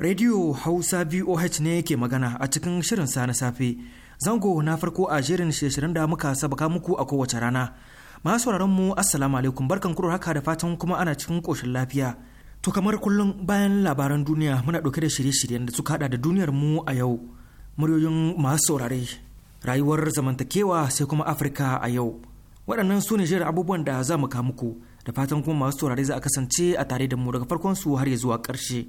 Radio Hausa VOH ne ke magana a cikin shirin sa na safe. Zango na farko a shirin shirin da muka sabaka muku a kowace rana. Masu mu Assalamu alaikum barkan kuro haka da fatan kuma ana cikin koshin lafiya. To kamar kullum bayan labaran duniya muna ɗauke da shirye-shiryen da suka hada da duniyar mu a yau. Muryoyin masu saurare, rayuwar zamantakewa sai kuma Afirka a yau. Waɗannan su ne shirin abubuwan da za mu muku da fatan kuma masu saurare za a kasance a tare da mu daga farkon su har ya zuwa ƙarshe.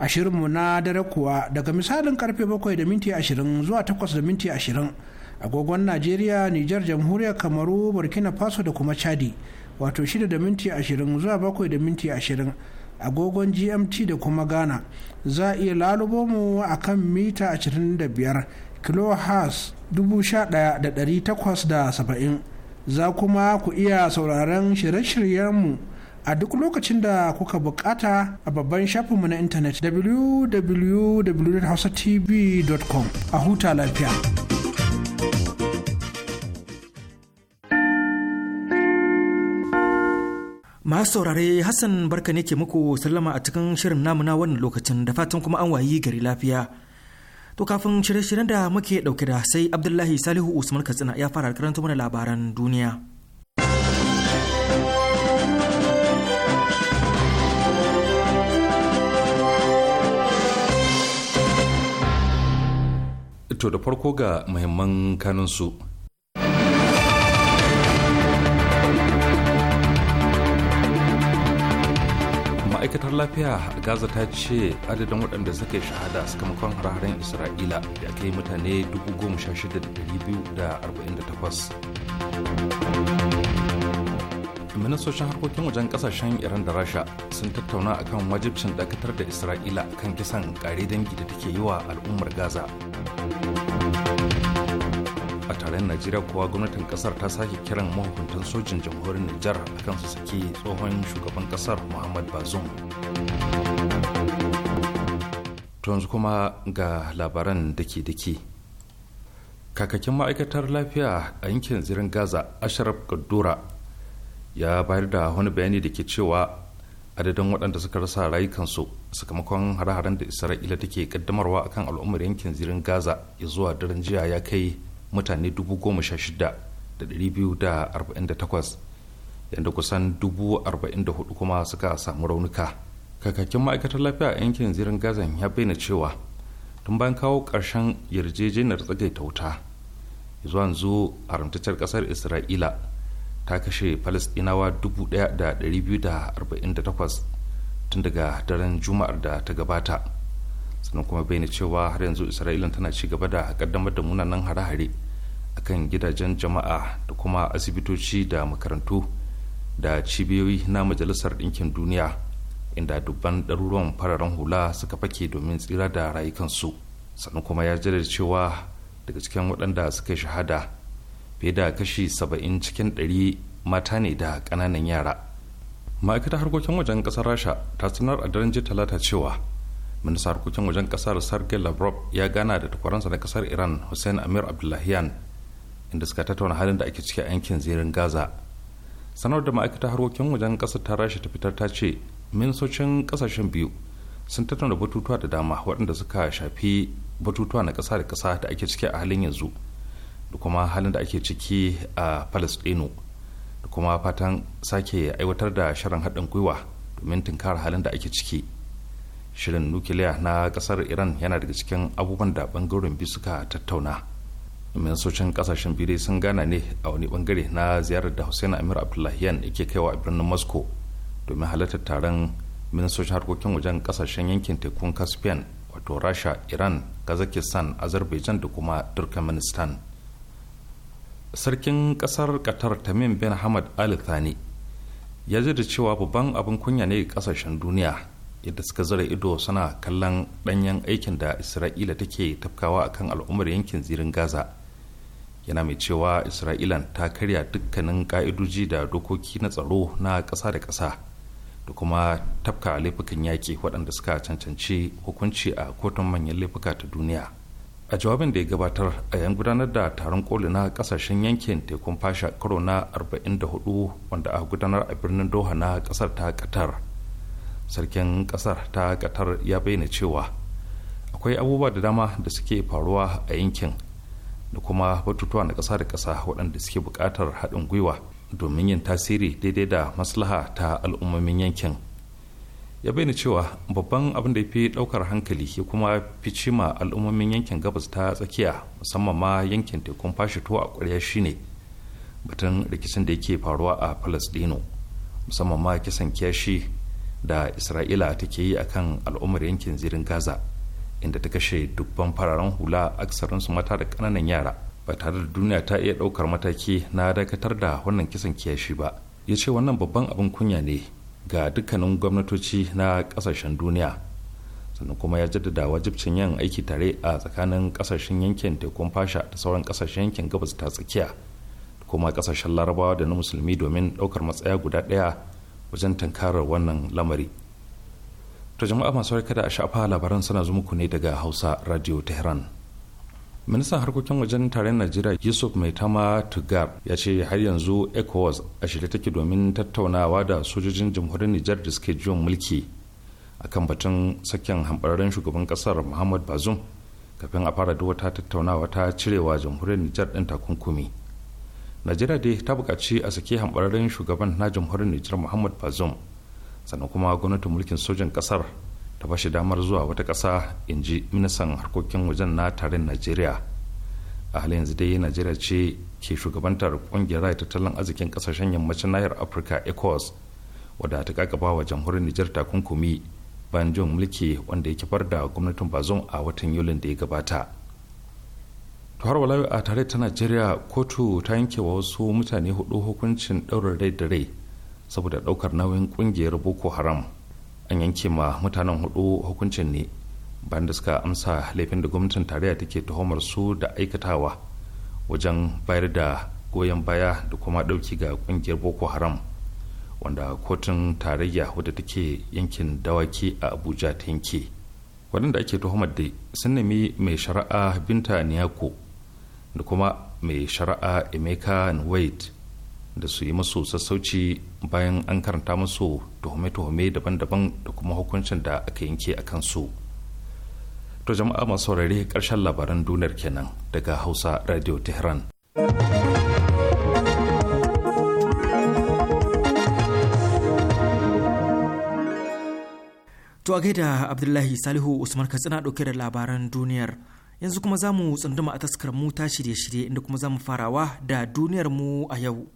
ashirinmu na dare kuwa daga misalin karfe bakwai da minti 20 zuwa takwas da minti ashirin agogon najeriya nijar jamhuriyar kamaru burkina faso da kuma chadi wato shida da minti 20 zuwa bakwai da minti 20 agogon gmt da kuma ghana za a iya lalubo mu a kan mita 25 kilohertz 11870 za kuma ku iya sauraren shirye-shiryenmu a duk lokacin da kuka bukata a babban shafinmu na intanet www.hausatv.com a huta lafiya. masu saurare Hassan barka ne ke muku sallama a cikin shirin namuna wannan lokacin da fatan kuma an wayi gari lafiya. To kafin shirye-shiryen da muke dauke da sai Abdullahi Salihu Usman Katsina ya fara karanta mana labaran duniya. To da farko ga muhimman su. ma'aikatar lafiya gaza ta ce adadin waɗanda suka shahada sakamakon hararen isra'ila ya kai mutane 16,248 ministocin harkokin wajen kasashen iran da rasha sun tattauna akan wajibcin dakatar da isra'ila kan kisan kare dangi da take yi wa al'ummar gaza a taron najeriya kuwa gwamnatin kasar ta sake kiran mahukuntan sojin jamhuriyar nijar kan su saki tsohon shugaban kasar muhammad bazoum yanzu kuma ga labaran dake-dake kakakin ma'aikatar lafiya a yankin zirin gaza ashraf gaddura ya bayar da wani bayani da ke cewa adadin waɗanda suka rasa rayukansu sakamakon hare-haren da isra'ila take kaddamarwa akan al'ummar yankin zirin gaza ya zuwa daren jiya ya kai mutane 16,248 yadda kusan 44,000 kuma suka samu raunuka kakakin ma'aikatar lafiya a yankin zirin gaza ya bayyana cewa tun bayan kawo ƙarshen yarjejeniyar tsagaita wuta zuwa yanzu haramtaccen kasar isra'ila ta kashe falasɗinawa 1,248 tun daga daren juma'ar da ta gabata sannan kuma bayyana cewa har yanzu isra'ilan tana ci gaba da kaddamar da munanan hare-hare a kan gidajen jama'a da kuma asibitoci da makarantu da cibiyoyi na majalisar ɗinkin duniya inda dubban ɗaruruwan fararen hula suka fake domin tsira da rayukansu sannan kuma ya jira cewa daga cikin waɗanda suka shahada fiye da kashi saba'in cikin ɗari mata ne da ƙananan yara ma'aikatar harkokin wajen kasar rasha ta sanar a daren jiya talata cewa minista harkokin wajen kasar sergei lavrov ya gana da takwaransa na kasar iran hussein amir abdullahian inda suka tattauna halin da ake ciki a yankin zirin gaza sanar da ma'aikatar harkokin wajen kasar ta rasha ta fitar ta ce ministocin kasashen biyu sun tattauna batutuwa da dama waɗanda suka shafi batutuwa na kasa da kasa da ake ciki a halin yanzu da kuma halin da ake ciki a palestino da kuma fatan sake aiwatar da shirin haɗin gwiwa domin tunkar halin da ake ciki shirin nukiliya na ƙasar iran yana daga cikin abubuwan da ɓangaren biyu suka tattauna ministocin ƙasashen biyu sun gana ne a wani bangare na ziyarar da hussein amir abdullahiyan yake kaiwa a birnin moscow domin halartar taron ministocin harkokin wajen ƙasashen yankin tekun caspian wato rasha iran kazakistan azerbaijan da kuma turkmenistan sarkin kasar qatar tamim bin hamad al thani ya ji da cewa babban abin kunya ne kasashen duniya yadda suka zara ido suna kallon danyen aikin da isra'ila take tafkawa a kan al'ummar yankin zirin gaza yana mai cewa isra'ilan ta karya dukkanin ka'idoji da dokoki na tsaro na ƙasa da ƙasa da kuma tafka laifukan yaƙi waɗanda suka cancanci hukunci a kotun manyan laifuka ta duniya a jawabin da ya gabatar a yan gudanar da taron koli na kasashen yankin tekun fasha karo na 44 wanda a gudanar a birnin doha na kasar ta qatar sarkin kasar ta qatar ya bayyana cewa akwai abubuwa da dama da suke faruwa a yankin da kuma batutuwa na kasa da kasa waɗanda suke buƙatar haɗin gwiwa domin yin tasiri daidai da maslaha ta al'ummomin yankin ya bayyana cewa babban abin da ya fi daukar hankali ya kuma fi cima al'ummomin yankin gabas ta tsakiya musamman ma yankin tekun fashito a kwarya shine batun rikicin da yake faruwa a palestino musamman ma kisan kiyashi da isra'ila take yi akan al'ummar yankin zirin gaza inda ta kashe dubban fararen hula aksarinsu mata da ƙananan yara ba tare da duniya ta iya ɗaukar mataki na dakatar da wannan kisan kiyashi ba ya ce wannan babban abin kunya ne ga dukkanin gwamnatoci na kasashen duniya sannan kuma ya jaddada wajibcin yin aiki tare a tsakanin kasashen yankin tekun fasha da sauran kasashen yankin gabas ta tsakiya da kuma kasashen larabawa da na musulmi domin ɗaukar matsaya guda ɗaya wajen tankarar wannan lamari to jama'a masu kada a shafa labaran suna zumuku muku ne daga hausa radio tehran ministan harkokin wajen taron najeriya yusuf maitama tama tugab ya ce har yanzu ecowas a shirye take domin tattaunawa da sojojin jamhuriyar nijar da suke jiyon mulki akan batun sakin hambararren shugaban kasar muhammad bazum kafin a fara duk wata tattaunawa ta cirewa jamhuriyar nijar din takunkumi najeriya dai ta buƙaci a sake hambararren shugaban na jamhuriyar nijar muhammad bazum sannan kuma gwamnatin mulkin sojin kasar ta bashi damar zuwa wata ƙasa in ji ministan harkokin wajen na tarin najeriya a halin yanzu dai najeriya ce ke shugabantar kungiyar rai tattalin arzikin kasashen yammacin nahiyar afirka ecos wadda ta kakaba wa jamhuriyar nijar takunkumi bayan jin mulki wanda ya kifar da gwamnatin bazon a watan yulin da ya gabata ta har walawi a tare ta najeriya kotu ta yanke wa wasu mutane hudu hukuncin ɗaurin rai da rai saboda daukar nauyin kungiyar boko haram an yanke ma mutanen hudu hukuncin ne bayan da suka amsa laifin da gwamnatin tarayya take tuhumar su da aikatawa wajen bayar da goyon baya da kuma ɗauki ga ƙungiyar boko haram wanda kotun tarayya wadda take yankin dawaki a abuja ta yanke waɗanda ake tuhumar da sun nemi mai shari'a binta niyako da kuma mai shari'a emeka and wade da su yi masu sassauci bayan an karanta masu tuhume-tuhume daban-daban da kuma hukuncin da aka yanke a kansu to jama'a masu saurari karshen labaran duniyar kenan daga hausa radio tehran to a gaida abdullahi salihu usman katsina dauke da labaran duniyar yanzu kuma za mu tsunduma a taskar mu ta shirye-shirye inda kuma za mu farawa da duniyar mu a yau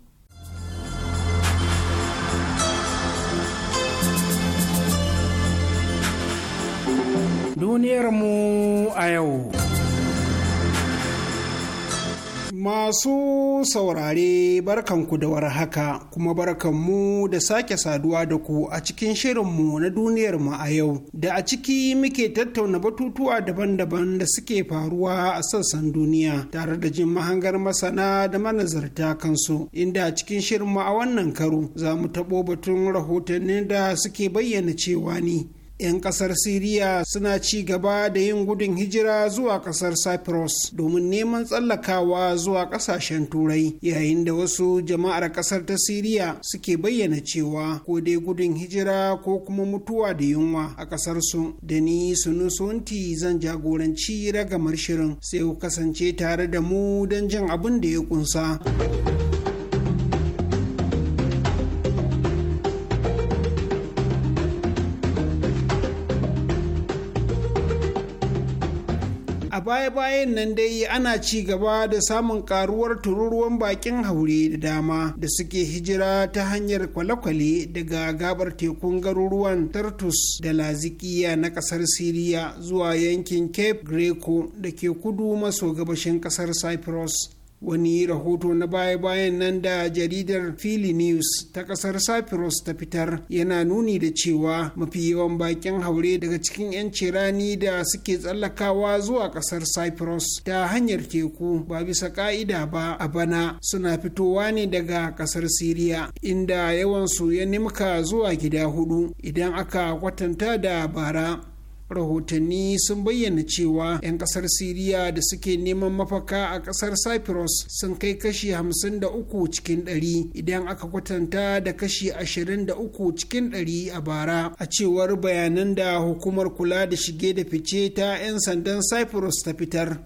duniyarmu a yau. Masu saurare barkanku da war haka kuma mu da sake saduwa da ku a cikin shirinmu na duniyarmu a yau da a ciki muke tattauna batutuwa daban-daban da suke faruwa a sassan duniya tare da jin mahangar masana da manazarta kansu inda a cikin shirinmu a wannan karo za mu taɓo batun rahotannin da suke bayyana cewa ne 'yan kasar siriya suna ci gaba da yin gudun hijira zuwa kasar cyprus domin neman tsallakawa zuwa kasashen turai yayin da wasu jama'ar kasar ta siriya suke bayyana cewa ko dai gudun hijira ko kuma mutuwa da yunwa a kasar su da ni sunusunti zan jagoranci ragamar shirin sai ku kasance tare da mu don jin abin da ya kunsa. baya-bayan nan dai ana ci gaba da samun karuwar tururuwan bakin haure da dama da suke hijira ta hanyar kwalekwale kwale daga gabar tekun garuruwan tartus da lazikiya na kasar siriya zuwa yankin cape greco da ke kudu maso gabashin kasar cyprus wani rahoto na baya-bayan nan da jaridar philly news ta kasar cyprus ta fitar yana nuni da cewa mafi yawan bakin haure daga cikin 'yan cirani da suke tsallakawa zuwa kasar cyprus ta hanyar teku ba bisa ka'ida ba a bana suna fitowa ne daga kasar syria inda yawansu ya nimka zuwa gida hudu idan aka kwatanta da bara rahotanni sun bayyana cewa 'yan kasar siriya da suke neman mafaka a kasar cyprus sun kai kashi 53 cikin 100 idan aka kwatanta da kashi 23 cikin 100 a bara a cewar bayanan da hukumar kula da shige da fice ta 'yan sandan cyprus ta fitar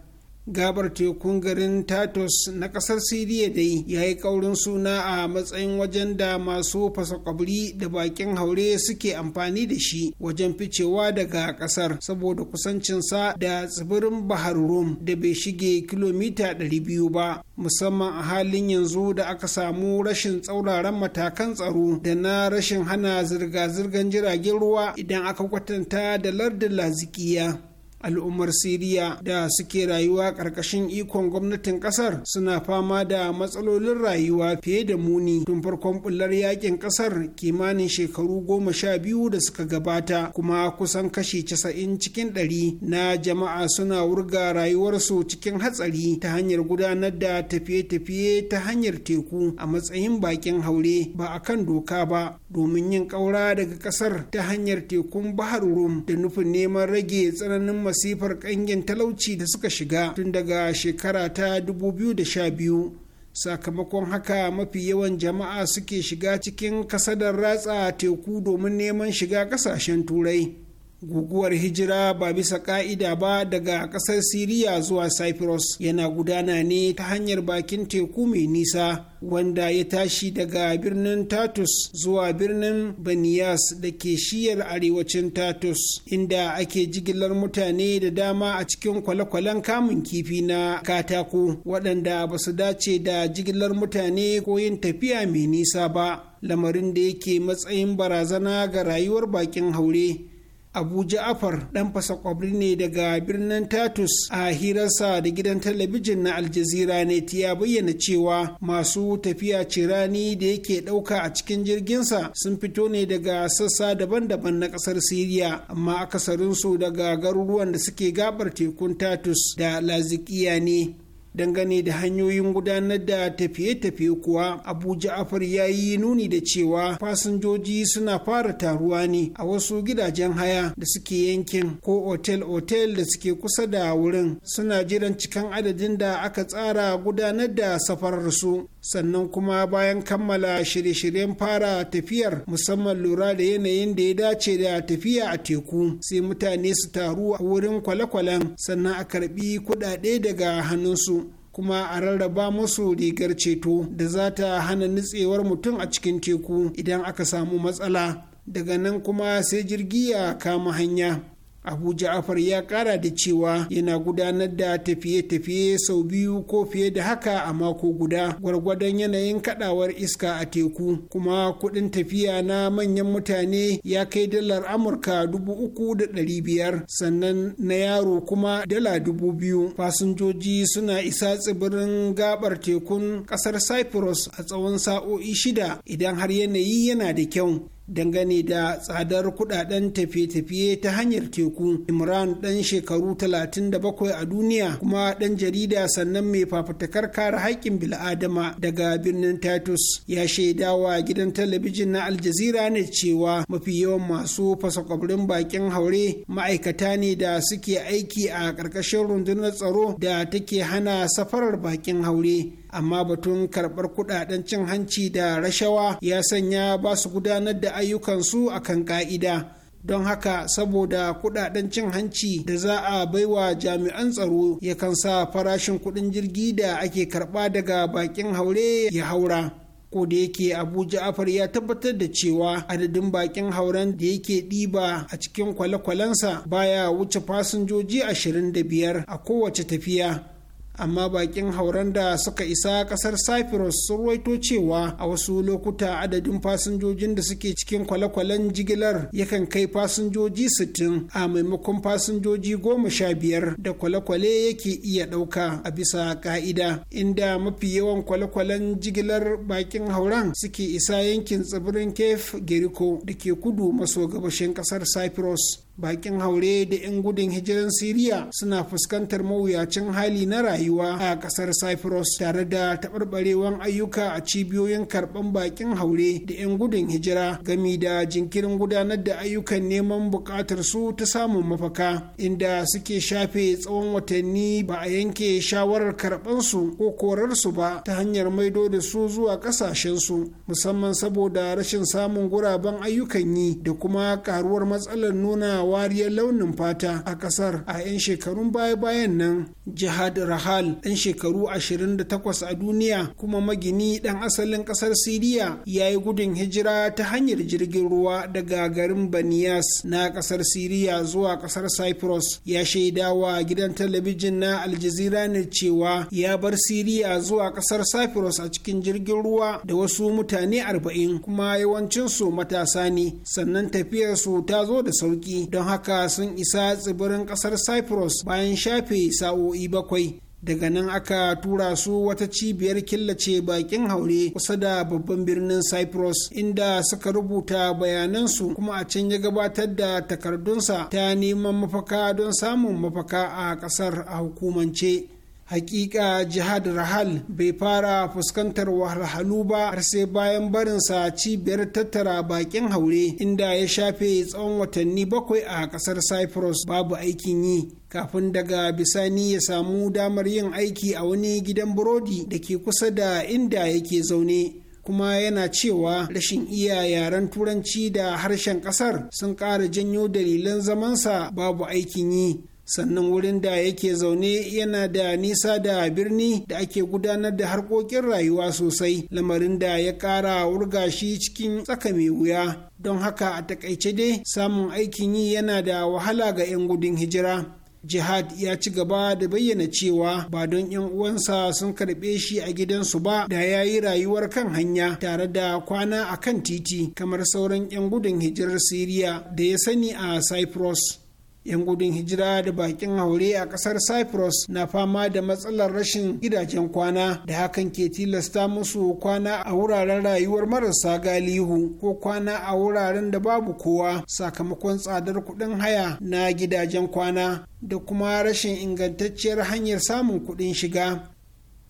gabar tekun garin tatos na kasar siriya dai ya yi kaurin suna a matsayin wajen da masu fasakwabri da bakin haure suke amfani da shi wajen ficewa daga kasar saboda kusancinsa da tsibirin bahar rum da bai shige kilomita 200 ba musamman a halin yanzu da aka samu rashin tsauraran matakan tsaro da na rashin hana zirga-zirgar jiragen ruwa idan aka kwatanta da lardin lazikiya al'ummar siriya da suke rayuwa ƙarƙashin ikon gwamnatin ƙasar suna fama da matsalolin rayuwa fiye da muni tun farkon bullar yakin ƙasar kimanin shekaru goma sha biyu da suka gabata kuma kusan kashi casa'in cikin ɗari na jama'a suna wurga rayuwarsu cikin hatsari ta hanyar gudanar da tafiye-tafiye ta hanyar teku a matsayin baƙin haure ba a kan doka ba domin yin ƙaura daga ƙasar ta hanyar tekun bahar rum da nufin neman rage tsananin masifar ƙangin talauci da suka shiga tun daga shekara ta 2012 sakamakon haka mafi yawan jama'a suke shiga cikin kasadar ratsa teku domin neman shiga ƙasashen turai guguwar hijira ba bisa ka'ida ba daga ƙasar siriya zuwa cyprus yana gudana ne ta hanyar bakin teku mai nisa wanda ya tashi daga birnin tatus zuwa birnin baniyas da ke shiyar arewacin tatus inda ake jigilar mutane da dama a cikin kwale-kwalen kamun kifi na katako waɗanda ba su dace da jigilar mutane ko yin tafiya mai nisa ba lamarin da yake matsayin barazana ga rayuwar bakin haure Abu Ja'afar ɗan fasakwabri ne daga birnin Tatus a hirarsa da gidan talabijin na Aljazeera ne ya bayyana cewa masu tafiya cirani da yake ɗauka a cikin jirginsa sun fito ne daga sassa daban-daban na ƙasar Siriya amma akasarinsu daga garuruwan da suke gabar tekun Tatus da Lazikiya ne. dangane da hanyoyin gudanar da tafiye-tafiye kuwa abuja afar ya yi nuni da cewa fasinjoji suna fara taruwa ne a wasu gidajen haya da suke yankin ko otel-otel da suke kusa da wurin suna jiran cikin adadin da aka tsara gudanar da safararsu sannan kuma bayan kammala shirye-shiryen fara tafiyar musamman lura da yanayin da ya dace da tafiya a teku sai mutane su taru a wurin kwale-kwalen sannan a karbi kuɗaɗe daga hannunsu kuma a rarraba musu rigar ceto da za ta hana nutsewar mutum a cikin teku idan aka samu matsala daga nan kuma sai jirgi ya kama hanya abu ja'afar ya kara da cewa yana gudanar da tafiye-tafiye sau biyu ko fiye da haka a mako guda gwargwadon yanayin kadawar iska a teku kuma kuɗin tafiya na manyan mutane ya kai dalar amurka dubu uku da ɗari biyar sannan na yaro kuma dala dubu biyu fasinjoji suna isa tsibirin gabar tekun ƙasar cyprus a tsawon sa'o'i shida idan har yanayi yana da kyau dangane da tsadar kudaden tafiye-tafiye ta hanyar teku imran dan shekaru 37 a duniya kuma dan jarida sannan mai fafutukar kare haƙƙin bil'adama daga birnin titus ya shaidawa gidan talabijin na aljazira ne cewa mafi yawan masu fasakwabrin bakin haure ma'aikata ne da suke aiki a ƙarƙashin rundunar tsaro da take hana safarar bakin haure amma batun karɓar kuɗaɗen cin hanci da rashawa ya sanya ba su gudanar da ayyukansu akan ƙa'ida. don haka saboda kudaden cin hanci da za a baiwa jami'an tsaro ya kan sa farashin kudin jirgi da ake karɓa daga bakin haure ya haura ko da yake abuja afar ya tabbatar da cewa adadin bakin hauren da yake ɗiba a cikin kwale-kwalensa baya wuce fasinjoji 25 a kowace tafiya amma bakin hauren da suka isa kasar cyprus sun ruwaito cewa a wasu lokuta adadin fasinjojin da suke cikin kwale-kwalen jigilar yakan kai fasinjoji 60 a maimakon fasinjoji 15 da kwale-kwale yake iya ɗauka a bisa ka'ida inda mafi yawan kwale-kwalen jigilar bakin hauren suke isa yankin tsibirin cape gerico da ke kudu maso gabashin kasar cyprus bakin haure da 'yan gudun hijiran siriya suna fuskantar mawuyacin hali na rayuwa a kasar cyprus tare da taɓarɓarewan ayyuka a cibiyoyin karɓan bakin haure da 'yan gudun hijira gami da jinkirin gudanar da ayyukan neman buƙatar su ta samun mafaka inda suke shafe tsawon watanni ba a yanke shawarar karɓar su ko korar su ba ta hanyar maido da su zuwa ƙasashen su musamman saboda rashin samun guraben ayyukan yi da kuma karuwar matsalar nuna wariyar launin fata a kasar a 'yan shekarun baya-bayan nan jihad rahal ɗan shekaru 28 a duniya kuma magini ɗan asalin ƙasar siriya ya yi gudun hijira ta hanyar jirgin ruwa daga garin baniyas na ƙasar siriya zuwa ƙasar cyprus ya shaidawa gidan talabijin na aljazira ne cewa ya bar siriya zuwa ƙasar cyprus a cikin jirgin ruwa da wasu mutane 40 kuma yawancinsu matasa ne sannan tafiyarsu ta zo da sauki don haka sun isa tsibirin ƙasar cyprus bayan shafe sa'o'i bakwai daga nan aka tura su wata cibiyar killace bakin haure kusa da babban birnin cyprus inda suka rubuta bayanansu kuma a can ya gabatar da takardunsa ta neman mafaka don samun mafaka a kasar a hukumance hakika jihad rahal bai fara fuskantar wahalhalu ba har sai bayan barinsa cibiyar tattara bakin haure inda ya shafe tsawon watanni bakwai a kasar cyprus babu aikin yi kafin daga bisani ya samu damar yin aiki a wani gidan burodi da ke kusa da inda yake zaune kuma yana cewa rashin iya yaren turanci da harshen kasar sun ƙara janyo dalilan zamansa babu aikin yi sannan wurin da yake zaune yana da nisa da birni da ake gudanar da harkokin rayuwa sosai lamarin da ya kara wurga shi cikin tsaka mai wuya don haka a takaice dai samun aikin yi yana da wahala ga 'yan gudun hijira jihad ya ci gaba da bayyana cewa ba don yan uwansa sun karɓe shi a gidansu ba da ya yi rayuwar kan hanya tare da kwana a kan titi kamar sauran yan gudun hijirar siriya da ya sani a cyprus 'yan gudun hijira da bakin haure a kasar cyprus na fama da matsalar rashin gidajen kwana da hakan ke tilasta musu kwana a wuraren rayuwar marasa galihu ko kwana a wuraren da babu kowa sakamakon tsadar kuɗin haya na gidajen kwana da kuma rashin ingantacciyar hanyar samun kuɗin shiga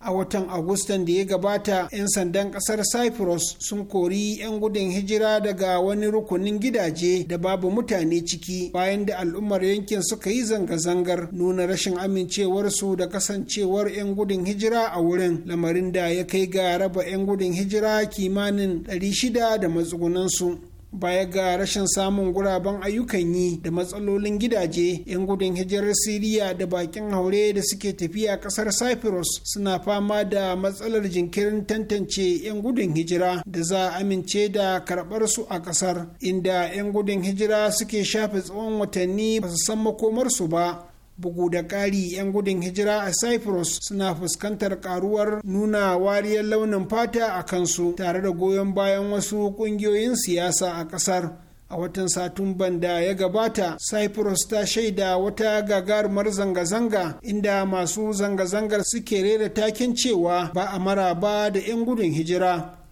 a watan agustan da ya gabata 'yan sandan kasar cyprus sun kori 'yan gudun hijira daga wani rukunin gidaje da babu mutane ciki bayan da al'ummar yankin suka yi zanga-zangar nuna rashin amincewarsu da kasancewar 'yan gudun hijira a wurin lamarin da ya kai ga raba 'yan gudun hijira kimanin 600 da matsugunansu baya ga rashin samun guraben ayyukan yi da matsalolin gidaje 'yan gudun hijirar siriya da bakin haure da suke tafiya kasar cyprus suna fama da matsalar jinkirin tantance 'yan gudun hijira da za a amince da karɓar su a kasar inda 'yan gudun hijira suke shafe tsawon watanni ba su san makomarsu ba bugu da ƙari 'yan gudun hijira a cyprus suna fuskantar karuwar nuna wariyar launin fata a kansu tare da goyon bayan wasu ƙungiyoyin siyasa a ƙasar a watan satumban da ya gabata cyprus ta shaida wata gagarumar zanga-zanga inda masu zanga-zangar suke rera takin cewa ba a mara ba da 'yan gudun hijira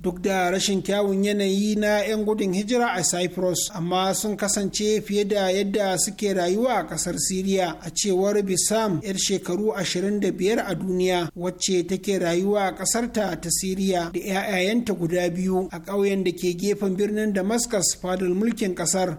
duk da rashin kyawun yanayi na 'yan gudun hijira a cyprus amma sun kasance fiye da yadda suke rayuwa a kasar syria a cewar bisam 'yar shekaru 25 a duniya wacce take rayuwa a kasarta ta syria da 'ya'yayanta guda biyu a ƙauyen da ke gefen birnin damascus fadar mulkin kasar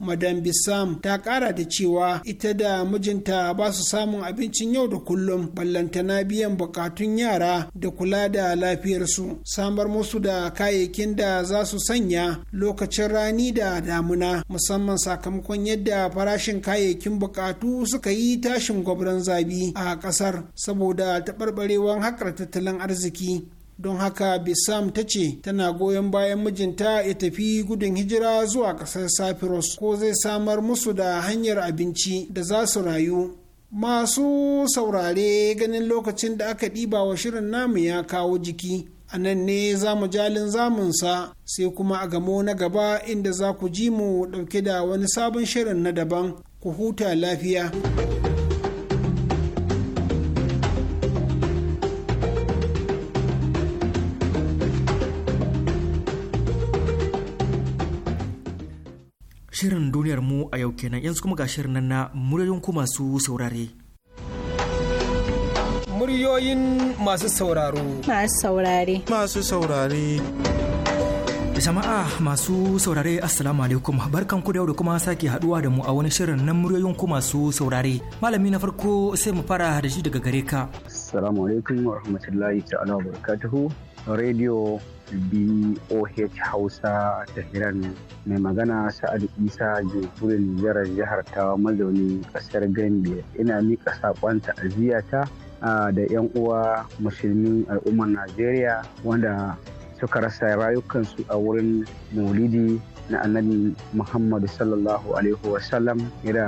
madam bissam ta kara da cewa ita da mijinta ba su samun abincin yau da kullum ballantana biyan bukatun yara da kula da lafiyarsu samar musu da kayayyakin da za su sanya lokacin rani da damuna musamman sakamakon yadda farashin kayayyakin bukatu suka yi tashin gwabran zabi a kasar saboda taɓarɓarewar haƙar tattalin arziki don haka bisam ta ce tana goyon bayan mijinta ya tafi gudun hijira zuwa ƙasar cyprus ko zai samar musu da hanyar abinci da za su rayu masu saurare ganin lokacin da aka ɗiba wa shirin namu ya kawo jiki a nan ne za mu jalin zamunsa sai kuma a gamo na gaba inda za ku ji mu ɗauke da wani sabon shirin na daban ku huta lafiya. duniyar mu a yau kenan yanzu kuma ga shirin nan na muryoyin ku masu saurare. Muryoyin masu sauraro. Masu saurare. Masu saurare. jama'a masu saurare assalamu alaikum barkan ku da yau da kuma sake haduwa da mu a wani shirin na muryoyin ku masu saurare malami na farko sai mu fara da shi daga gare ka assalamu alaikum wa rahmatullahi ta'ala wa barakatuhu radio BOH Hausa Hiran mai magana Sa'adu Isa Jumhurin jihar jihar ta mazaunin kasar Gambia ina mika saƙon ta'aziyata da 'yan uwa musulmin al'ummar Najeriya wanda suka rasa rayukansu a wurin maulidi na annabi muhammadu sallallahu alaihi wasallam yadda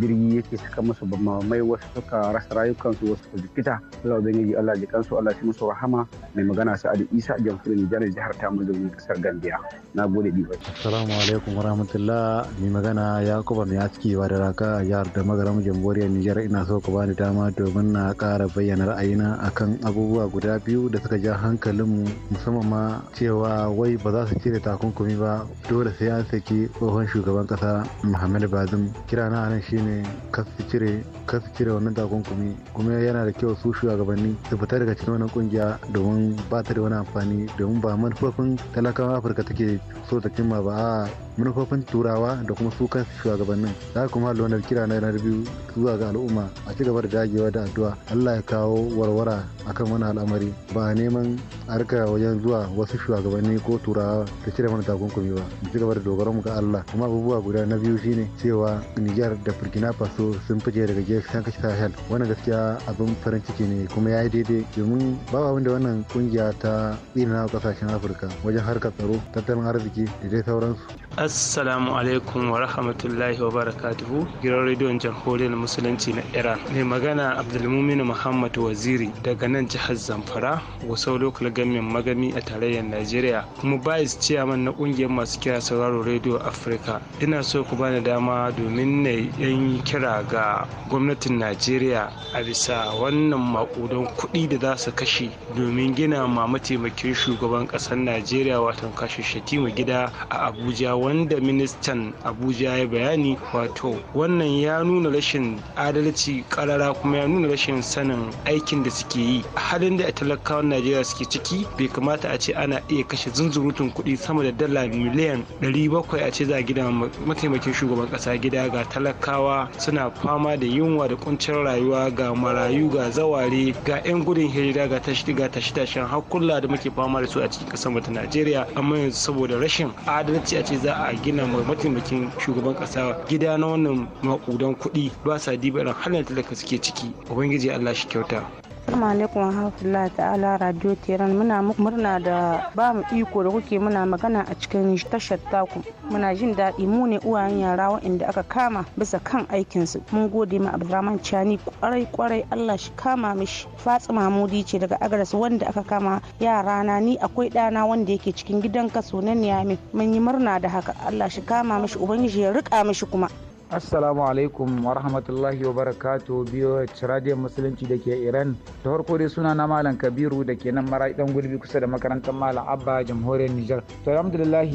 birgi yake saka musu mai wasu suka rasa rayukansu wasu suka jikita allah yi allah su allah shi musu rahama mai magana sa'adu isa Jan nijar jihar ta mazaunin kasar gambia na gode bai assalamu alaikum warahmatullah mai magana yakuba mai aski wa da raka jihar da magaram jamhuriyar nijar ina so ku bani dama domin na kara bayyana ra'ayina akan abubuwa guda biyu da suka ja hankalinmu musamman ma cewa wai ba za su cire takunkumi ba dole sai an saki tsohon shugaban kasa muhammad bazum kira na anan shine kasu cire kasu cire wannan takunkumi kuma yana da kyau su shugabanni su fita daga cikin wannan kungiya domin ba ta da wani amfani domin ba manufofin talakawan afirka take so ta cimma ba a manufofin turawa da kuma su kansu shugabannin da kuma lonar kira na yanar biyu zuwa ga al'umma a ci gaba da dagewa da addu'a allah ya kawo warwara akan wani al'amari ba a neman a rika wajen zuwa wasu shugabanni ko turawa ta cire mana takunkumi ba mu ci gaba da mu ga allah kuma abubuwa guda na biyu shine cewa niger da burkina faso sun fice daga gefen kashi sahel wannan gaskiya abin farin ciki ne kuma ya yi daidai domin babu abin da wannan kungiya ta tsina kasashen afirka wajen harkar tsaro tattalin arziki da dai sauransu assalamu alaikum wa rahmatullahi wa barakatuhu giran rediyon jamhuriyar musulunci na iran mai magana abdulmumin muhammad waziri daga nan jihar zamfara wasu local gamin magami a tarayyar najeriya kuma bayis ciyaman na kungiyar masu kira sauraron rediyo afirka ina so ku bani dama domin na yan kira ga gwamnatin najeriya a bisa wannan makudan kuɗi da za su kashe domin gina ma mataimakin shugaban ƙasar najeriya watan kashe shatima gida a abuja wani wanda ministan abuja ya bayani wato wannan ya nuna rashin adalci karara kuma ya nuna rashin sanin aikin da suke yi a halin da talakawan najeriya suke ciki bai kamata a ce ana iya kashe zunzurutun kuɗi sama da dala miliyan 700 a ce za a gida mataimakin shugaban kasa gida ga talakawa suna fama da yunwa da kuncin rayuwa ga marayu ga zaware ga 'yan gudun hijira ga tashi ga da muke fama da su a cikin ƙasar mu ta najeriya amma yanzu saboda rashin adalci a ce za a a gina mataimakin shugaban kasa gida na wannan makudan kuɗi ba sa diba irin halin talaka suke ciki ubangiji allah shi kyauta Assalamu alaikum wa rahmatullahi ta'ala radio Tehran muna muku murna da ba mu iko da kuke muna magana a cikin tashar taku muna jin daɗi mu ne uwayen yara waɗanda aka kama bisa kan aikinsu mun gode ma Abdulrahman Chani kwarai kwarai Allah shi kama mishi Fatima Mudi ce daga agras wanda aka kama yara na ni akwai ɗana wanda yake cikin gidan kaso na Niamey mun yi murna da haka Allah shi kama mishi ubangiji ya rika mishi kuma assalamu alaikum wa rahmatullahi wa barakatu biyo radiyon musulunci da ke iran da farko dai suna na malam kabiru da ke nan mara dan gulbi kusa da makarantar malam abba jamhuriyar nijar to alhamdulillah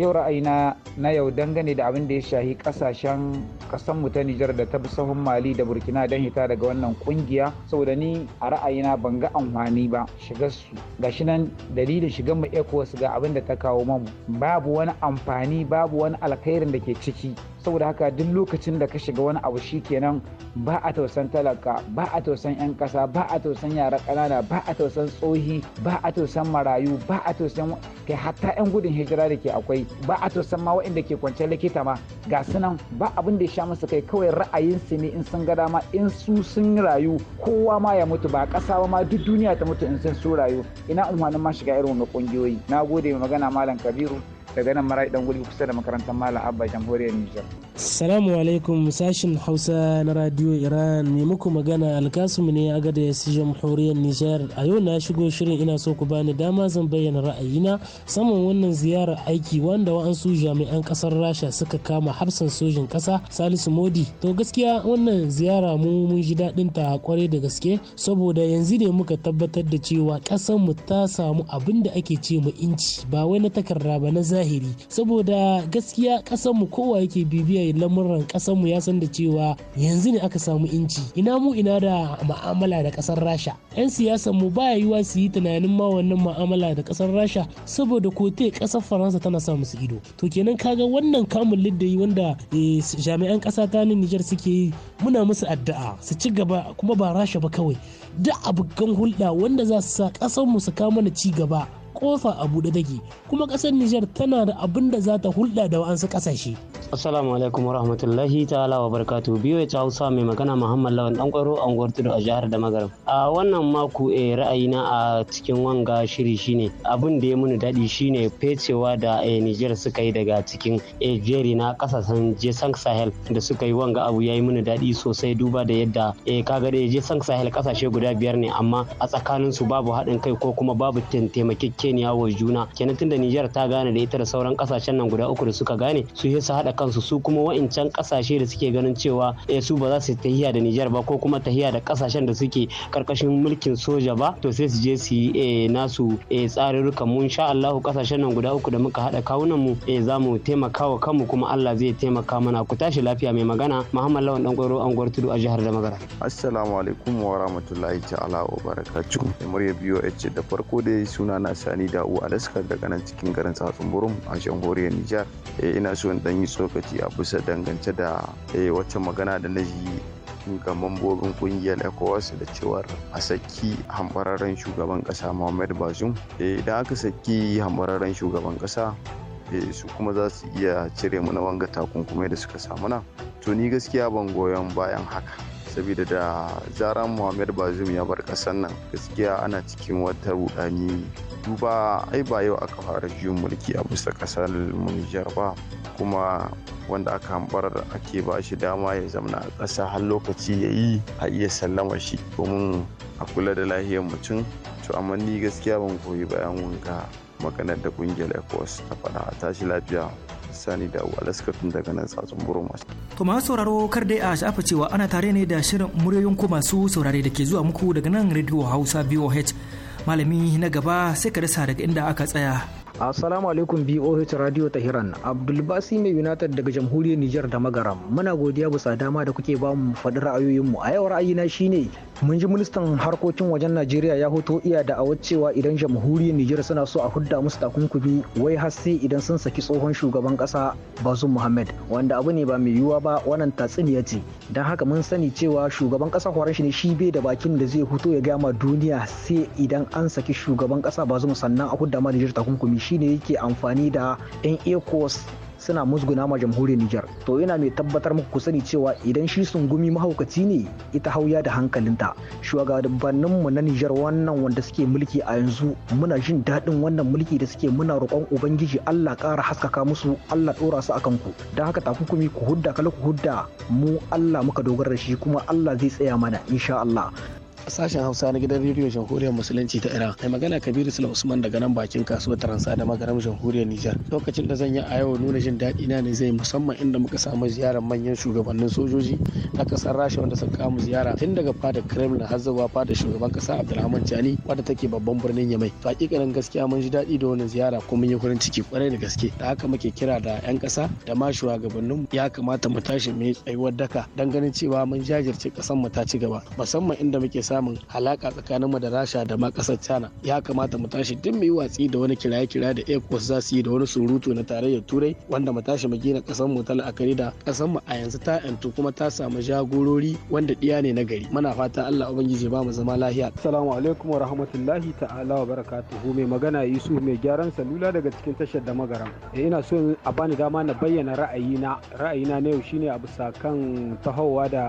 yau ra'ayina na yau dangane da abin da ya shahi kasashen kasan mu ta nijar da ta bi sahun mali da burkina dan hita daga wannan kungiya saboda ni a ra'ayina ban ga amfani ba shigar su gashi nan dalilin shigan mu ecowas ga abin da ta kawo mamu babu wani amfani babu wani alkhairin da ke ciki saboda haka duk lokacin da ka shiga wani abu shi kenan ba a tausan talaka ba a tausan 'yan kasa ba a tausan yara ƙanana ba a tausan tsohi ba a tausan marayu ba a tausan kai hatta 'yan gudun hijira da ke akwai ba a tausan ma waɗanda ke kwance likita ma ga sunan ba abin da ya sha musu kai kawai ra'ayin su ne in sun ga dama in su sun rayu kowa ma ya mutu ba ƙasa ma duk duniya ta mutu in sun su rayu ina umarnin ma shiga irin wani kungiyoyi na gode magana malam kabiru daga nan marayi dan guri kusa da makarantar malam abba jamhuriyar nijar salamu alaikum sashin hausa na radio iran mai muku magana alkasum ne a gada ya jamhuriyar nijar a yau na shigo shirin ina so ku bani dama zan bayyana ra'ayina saman wannan ziyarar aiki wanda wa'ansu jami'an kasar rasha suka kama hafsan sojin kasa salisu modi to gaskiya wannan ziyara mu mun ji daɗin ta kwarai da gaske saboda yanzu ne muka tabbatar da cewa ƙasar mu ta samu abin da ake ce mu inci ba wai na takarda ba na zai zahiri saboda gaskiya ƙasar mu kowa yake bibiya lamuran ƙasar mu ya san da cewa yanzu ne aka samu inci ina mu ina da ma'amala da ƙasar rasha yan siyasar mu ba yiwa su yi tunanin ma wannan ma'amala da kasar rasha saboda ko te kasar faransa tana sa musu ido to kenan kaga wannan kamun yi wanda eh, jami'an ƙasa ta Nijar suke yi muna musu addu'a su ci gaba kuma ba rasha ba kawai duk abokan hulɗa wanda za su sa ƙasar mu su kama mana ci gaba kofa a buɗe take kuma ƙasar Nijar tana da abin da za ta hulɗa da wa'ansu ƙasashe. Assalamu alaikum wa rahmatullahi ta'ala wa barkatu biyo ya Hausa mai magana Muhammad Lawan dan kwaro an a jihar da Magaram. A wannan mako eh ra'ayina a cikin wanga shiri shine abin da ya muni daɗi shine fecewa da eh, Nijar suka yi daga cikin eh, jeri na kasashen Jesang Sahel da suka yi wanga abu yayi muni daɗi sosai duba da yadda eh kaga da Jesang Sahel kasashe guda biyar ne amma a tsakanin su babu haɗin kai ko kuma babu taimakeke Kenya wa juna kenan tunda Nijar ta gane da ita da sauran kasashen nan guda uku da suka gane su yi su haɗa kansu su kuma wa'incan kasashe da suke ganin cewa eh su ba za su tahiya da Nijar ba ko kuma tahiya da kasashen da suke karkashin mulkin soja ba to sai su je su yi eh, nasu eh, tsarurruka mun sha Allah kasashen nan guda uku da muka hada kawunan mu eh za mu taimaka wa kanmu kuma Allah zai taimaka mana ku tashi lafiya mai magana Muhammad Lawan dan gwaro an tudu a jihar Damagara assalamu alaikum wa rahmatullahi ta'ala wa barakatuh muryar ce da farko dai suna na sani da'u alaskar daga nan cikin garin tsatsun burum a jamhuriyar nijar eh, ina so in dan yi tsokaci a bisa dangance da eh, wacce magana da na yi ga mambobin kungiyar ecowas da cewar a saki hambararren shugaban kasa muhammad bazum eh, idan aka saki hambararren shugaban kasa su kuma za su iya cire mu na wanga takunkumai da suka samu na to ni gaskiya ban goyon bayan haka saboda da zaran muhammed bazum ya bar kasar nan gaskiya ana cikin wata rudani duba ai ba yau aka fara juyin mulki a bisa kasar nijar ba kuma wanda aka hambar ake ba shi dama ya zamana a ƙasa har lokaci ya yi a iya sallama shi domin a kula da lahiyar mutum to amma ni gaskiya ban koyi bayan wanka maganar da kungiyar ecos ta faɗa a tashi lafiya sani da alaska tun daga nan tsatsun buroma. to masu sauraro kar dai a shafa cewa ana tare ne da shirin muryoyin ku masu saurare da ke zuwa muku daga nan radio hausa voh malami na gaba sai ka rasa daga inda aka tsaya Assalamu alaikum BOH Radio Tahiran. Abdulbasi mai United daga jamhuriyar Nijar da Magaram. Muna godiya bisa dama da kuke bamu faɗi ra'ayoyinmu. A yau ra'ayina shine mun ji ministan harkokin wajen najeriya ya hoto iya da cewa idan jamhuriyar nijar suna so a hudda musu takunkumi wai har sai idan sun saki tsohon shugaban kasa bazum muhammad wanda abu ne ba mai yiwuwa ba wannan tatsuniya ce don haka mun sani cewa shugaban kasa horon shi ne shi bai da bakin da zai hoto ya gama duniya sai idan an saki shugaban kasa bazum sannan a hudda ma nijar takunkumi shine yake amfani da yan ecos suna musguna ma jamhuriyar Nijar. To yana mai tabbatar muku sani cewa idan shi sungumi mahaukaci ne ita hauya da hankalinta. Shugabanninmu na Nijar wannan wanda suke mulki a yanzu muna jin daɗin wannan mulki da suke muna roƙon Ubangiji Allah ƙara haskaka musu Allah ɗora su akan ku. Don haka takunkumi ku hudda kala ku hudda mu Allah muka dogara da shi kuma Allah zai tsaya mana insha Allah. sashen hausa na gidan rediyo jamhuriyar musulunci ta iran mai magana kabiru sula usman daga nan bakin kasuwar taransa da magaram jamhuriyar nijar lokacin da zan yi a yau nuna jin daɗi na ne zai musamman inda muka samu ziyarar manyan shugabannin sojoji na ƙasar rasha wanda suka kamu ziyara tun daga fadar kremlin har zuwa fadar shugaban ƙasa abdulrahman jani wadda take babban birnin yamai to hakikanin gaskiya mun ji daɗi da wannan ziyara kuma mun yi farin ciki kwarai da gaske da haka muke kira da 'yan ƙasa da ma shugabannin ya kamata mu tashi mu yi tsayuwar daka don ganin cewa mun jajirce ƙasar mu ta ci gaba musamman inda muke sa samun halaka tsakaninmu da rasha da ma kasar china ya kamata mu tashi duk mu yi watsi da wani kiraye-kiraye da force za su yi da wani surutu na tarayyar turai wanda mu tashi mu gina kasar mu ta la'akari da kasar mu a yanzu ta yantu kuma ta samu jagorori wanda diya ne na gari muna fata allah ubangiji ba mu zama lahiya assalamu alaikum wa rahmatullahi ta'ala wa barakatuhu mai magana yusuf mai gyaran salula daga cikin tashar da magaram eh, ina so a bani dama na bayyana ra'ayina ra'ayi na yau shine a bisa kan tahowa da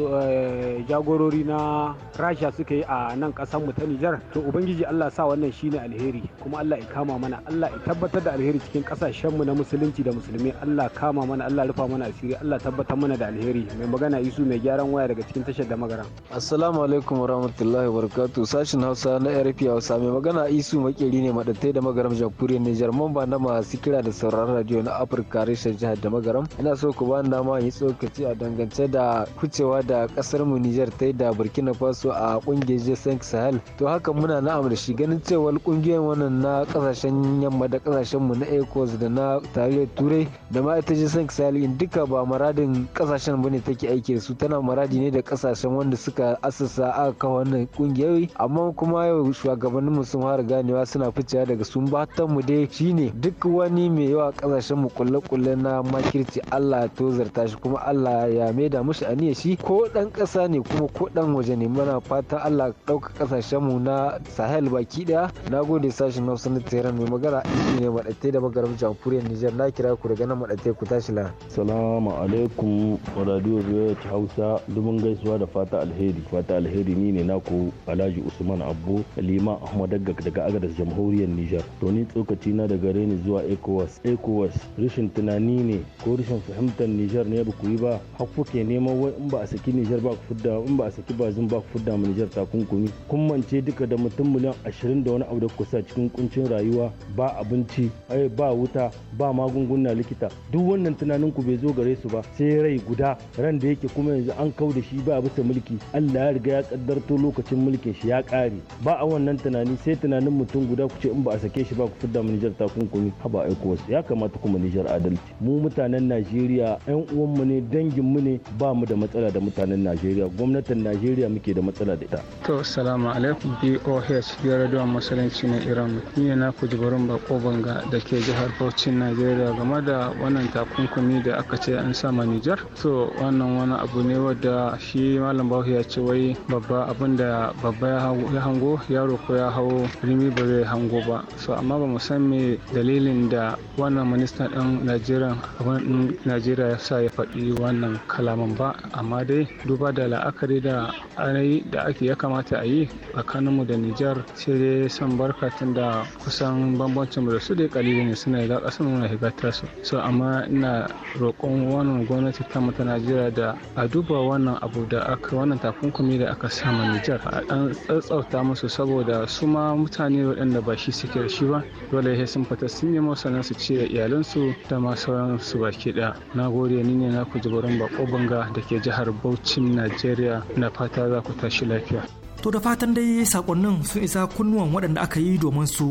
eh, jagorori na rasha suka yi a nan kasar mu ta nijar to ubangiji allah sa wannan shine alheri kuma allah ya kama mana allah ya tabbatar da alheri cikin kasashen mu na musulunci da musulmi allah kama mana allah rufa mana asiri allah tabbatar mana da alheri mai magana isu mai gyaran waya daga cikin tashar da magara assalamu alaikum warahmatullahi wabarakatuh sashin hausa na rfi hausa mai magana isu makeri ne madattai da magaram jamhuriyar nijar ba na masu kira da sauraron radio na afirka rishar jihar da magaram ina so ku ba dama yi tsokaci a dangance da kucewa da kasar mu nijar ta da burkina faso su a kungiyar jason sahel to haka muna na'am da shi ganin cewar kungiyar wannan na kasashen yamma da kasashen mu na ecos da na tarayyar turai da ma ita jason sahel in duka ba maradin kasashen bane take aiki da su tana maradi ne da kasashen wanda suka asasa a kawo wannan kungiyoyi amma kuma yau shugabannin mu sun fara ganewa suna ficewa daga sun batan mu dai shine duk wani mai yawa kasashen mu kulle-kulle na makirci Allah ya tozarta shi kuma Allah ya maida mushi aniyar shi ko dan kasa ne kuma ko dan waje ne mana muna fatan allah ɗauka mu na sahel baki ɗaya na gode sashen na wasu tseren mai magana ishi ne maɗatai da magaram jamhuriyar nijar na kira ku daga nan maɗatai ku tashi la. salamu alaikum radio biyoyi hausa dubin gaisuwa da fata alheri fata alheri ni ne naku alhaji usman abbo lima ahmad daga agadas jamhuriyar nijar to ni tsokaci na daga reni zuwa ecowas ecowas rashin tunani ne ko rashin fahimtar nijar ne ba ku yi ba Hakku ke neman wai in ba a saki nijar ba ku fidda in ba a saki bazin ba ku fudda mu Nijar takunkumi mance duka da mutum miliyan 20 da wani abu da kusa cikin kuncin rayuwa ba abinci ai ba wuta ba magunguna likita duk wannan tunanin ku bai zo gare su ba sai rai guda ran da yake kuma yanzu an kau da shi ba bisa mulki Allah ya riga ya kaddarto lokacin mulkin shi ya kare ba a wannan tunani sai tunanin mutum guda ku ce in ba a sake shi ba ku fidda mu Nijar takunkumi haba aiko wasu ya kamata kuma Nijar adalci mu mutanen Najeriya yan uwanmu ne danginmu ne ba mu da matsala da mutanen Najeriya gwamnatin Najeriya muke da matsala da ita to salamu alaikum boh ya musulunci na iran ni ne na kujibarin bako banga da ke jihar bauchi najeriya game da wannan takunkumi da aka ce an sama nijar to wannan wani abu ne wadda shi malam bahu ya ce wai babba abin da babba ya hango yaro ko ya hau rimi ba zai hango ba so amma ba mu san me dalilin da wannan ministan ɗin najeriya abin najeriya ya sa ya faɗi wannan kalaman ba amma dai duba da la'akari da anayi da ake ya kamata a yi tsakaninmu da Nijar sai dai san barka tun da kusan bambancin da su dai kalili ne suna higa ƙasar mu na higa tasu. So amma ina roƙon wannan gwamnati ta mu Najeriya da a duba wannan abu da aka wannan takunkumi da aka sama Nijar a dan tsatsauta musu saboda su ma mutane waɗanda ba shi suke da shi ba dole sai sun fita sun nemo sannan su ce iyalansu da ma sauransu baki ɗaya. Na gode ni ne na ku jibarin bako banga da ke jihar bauchi Najeriya na fata za ku ta shi lafiya. To da fatan dai sakonnin sun isa kunnuwan waɗanda aka yi domin su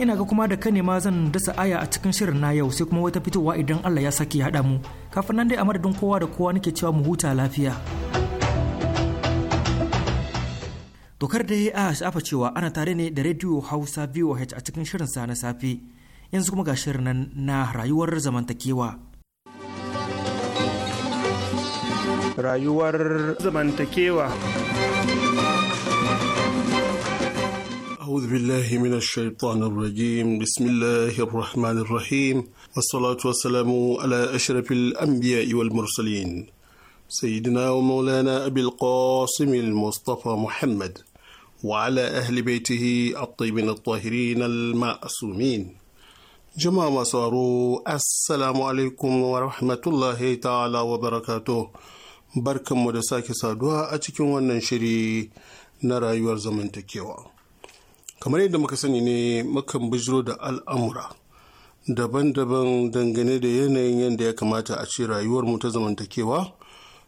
ina ga kuma da ka ma zan dasa aya a cikin shirin na yau sai kuma wata fitowa idan Allah ya sake haɗa mu kafin nan dai a madadin kowa da kowa nake cewa mu huta lafiya. Dokar dai a shafa cewa ana tare ne da Radio Hausa VOH a cikin shirin sa na safe yanzu kuma ga shirin nan na rayuwar zamantakewa. Rayuwar zamantakewa. أعوذ بالله من الشيطان الرجيم بسم الله الرحمن الرحيم والصلاة والسلام على أشرف الأنبياء والمرسلين سيدنا ومولانا أبي القاسم المصطفى محمد وعلى أهل بيته الطيبين الطاهرين المعصومين جماعة مسارو السلام عليكم ورحمة الله تعالى وبركاته بركة مدساك سادوا أتكون نرى na rayuwar تكيوه kamar yadda muka sani ne mukan bijiro da al'amura daban-daban dangane da yanayin yadda ya kamata a ce rayuwar mu ta zamantakewa